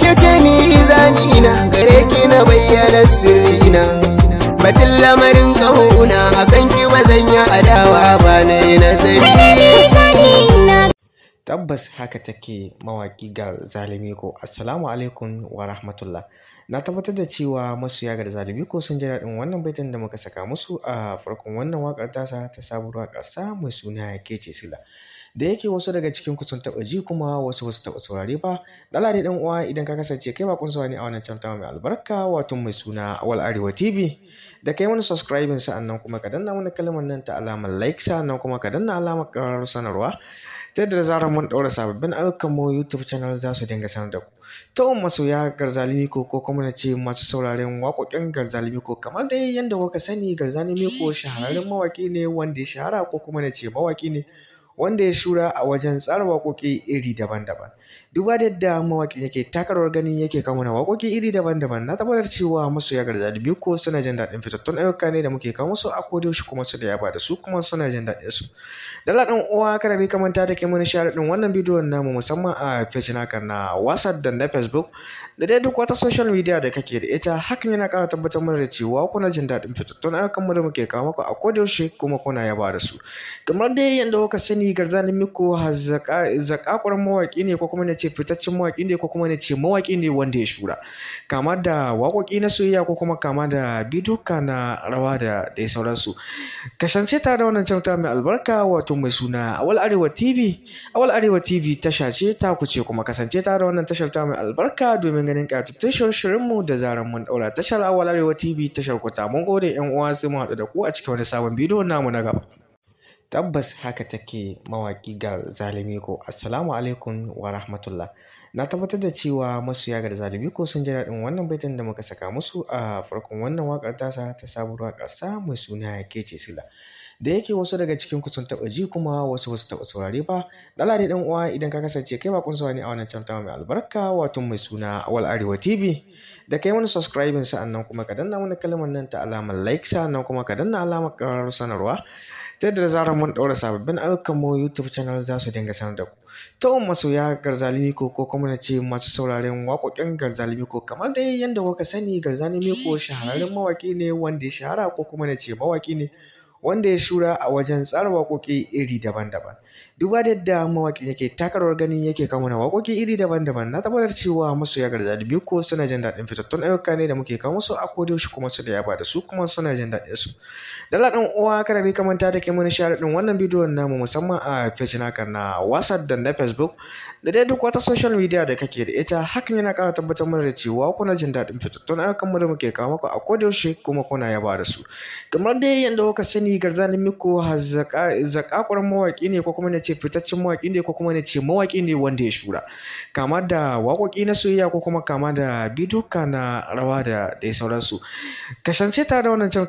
kece ce mi zamina gare ki na bayyana sirrina batun lamarin kauna a kan ki yi adawa ba na yi nazari tabbas haka take mawaki ga zalimi ko assalamu alaikum wa rahmatullah na tabbatar da cewa masu masoya ga zalibi ko sun ji daɗin wannan baitin da muka saka musu a farkon wannan waƙar tasa ta sabuwar waƙar mai suna kece sila da yake wasu daga cikin ku sun taɓa ji kuma wasu basu taɓa saurari ba dala ne ɗan uwa idan ka kasance kai bakon sawa ne a wannan channel mai albarka wato mai suna awal arewa tv da kai mana subscribing sa'annan kuma ka danna mana kalmar nan ta alamar like sa'annan kuma ka danna alamar ƙararrawar sanarwa ta da zarar mun ɗaura sababbin ayyukan mu YouTube channel za su dinga sanar da ku. Ta masu ya Garzali ko ko kuma na ce masu sauraren waƙoƙin Garzali ko kamar dai yadda kuka sani Garzali ko shahararren mawaƙi ne wanda ya shahara ko kuma na ce mawaƙi ne wanda ya shura a wajen tsara waƙoƙi iri daban-daban. Duba da yadda mawaƙi yake takarwar ganin yake mana waƙoƙi iri daban-daban na tabbatar cewa masoya garzali biyu ko suna jin daɗin fitattun ayyuka ne da muke kawo musu a yaushe kuma su da yaba da su kuma suna jin daɗin su. Dala ɗan uwa kada ne manta da ke mana share ɗin wannan bidiyon namu musamman a page naka na WhatsApp da na Facebook da dai duk wata social media da kake da ita hakan yana ƙara tabbatar mana da cewa kuna jin daɗin fitattun ayyukan mu da muke kawo muku a yaushe kuma kuna yaba da su. Kamar dai yanda kuka sani sani garzani Miko zakakwar mawaƙi ne ko kuma na ce fitaccen mawaƙi ne ko kuma na ce mawaƙi ne wanda ya shura kama da waƙoƙi na soyayya ko kuma kama da biduka na rawa da dai sauransu kasance tare da wannan kyauta mai albarka wato mai suna awal arewa tv awal arewa tv tasha ce ta kuce kuma kasance tare da wannan tashar ta mai albarka domin ganin shirin mu da zaran mun ɗaura tashar awal arewa tv tashar kuta mun gode yan uwa sai mu haɗu da ku a cikin wani sabon bidiyo namu na gaba tabbas haka take mawaƙi ga zalimi ko assalamu alaikum wa rahmatullah na tabbatar da cewa masoya ga zalimi ko sun ji daɗin wannan baitin da muka saka musu a farkon wannan waƙar tasa ta sabuwar ƙasa mai suna kece sila da yake wasu daga cikin ku sun taɓa ji kuma wasu basu taɓa saurare ba dala ne ɗan uwa idan ka kasance kai bakon ne a wannan chanta mai albarka wato mai suna awal arewa tv da kai mana subscribing sa'annan kuma ka danna mana kalmar nan ta alamar like sa'annan kuma ka danna alamar ƙarar sanarwa ta yadda da zarar mun ɗaura sababbin ayyukan mu YouTube channel za su dinga sanar da ku. Ta masu masoya garzalimi ko ko kuma na ce masu sauraren waƙoƙin garzalimi ko kamar dai yadda kuka sani garzalimi ko shahararren mawaki ne wanda ya shahara ko kuma na ce mawaƙi ne wanda ya shura a wajen tsara waƙoƙi iri daban-daban. Duba da yadda mawaƙin yake takarwar gani yake kamuna waƙoƙi iri daban-daban na tabbatar cewa masoya Garzali biyu ko suna jin daɗin fitattun ayyuka ne da muke kawo musu a yaushe kuma su da yaba da su kuma suna jin daɗin su. Dala ɗan uwa kada ka manta da ke mana share ɗin wannan bidiyon namu musamman a page naka na WhatsApp da na Facebook da dai duk wata social media da kake da ita hakan yana ƙara tabbatar mana da cewa kuna jin daɗin fitattun ayyukan mu da muke kawo muku a yaushe kuma kuna yaba da su. Kamar dai yadda kuka sani misali garzali miko zakakuran mawaƙi ne ko kuma na ce fitaccen mawaƙi ne ko kuma na ce mawaƙi ne wanda ya shura kama da waƙoƙi na soyayya ko kuma kama da biduka na rawa da dai sauransu kasance tare da wannan